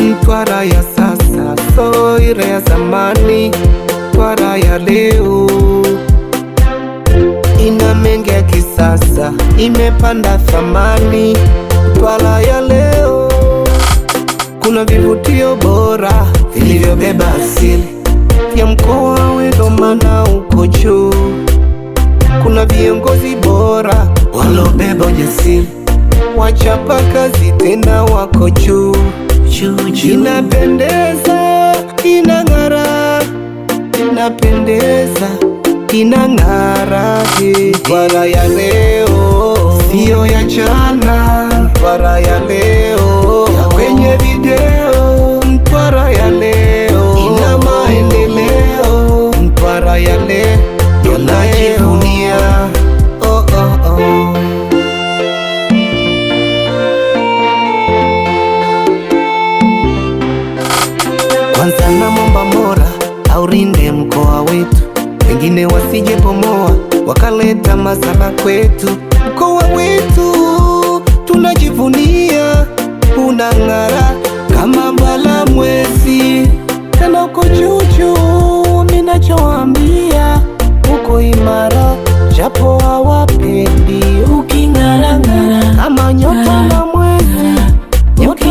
mtwara ya sasa zamani twara ya leo ina mengi ya kisasa imepanda thamani twala ya leo Ndo vivutio bora vilivyobeba asili ya mkoa wetu, maana uko juu. Kuna viongozi bora walobeba ujasiri, wachapa kazi tena wako juu. juu. Inapendeza, inang'ara, inapendeza, inang'ara. Bara ya leo siyo ya jana, bara ya leo video Mtwara ya leo ina maendeleo, Mtwara ya leo tunajivunia oh, oh, oh. Kwanza na momba mora aurinde mkoa wetu, wengine wasije pomoa wakaleta masala kwetu. Mkoa wetu tunajivunia unang'ara yako chuchu, ninachoambia uko imara, japo hawapendi uking'arang'ara kama nyota na mwezi nyota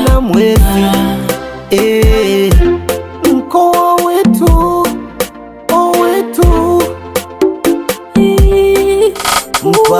na mwezi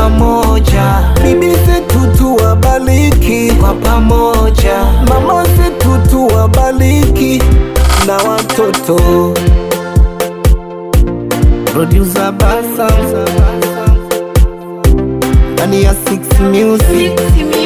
pamoja, bibi zetu tuwabariki kwa pamoja, mama zetu tuwabariki na watoto. Producer Bassam. ndani ya Six Music.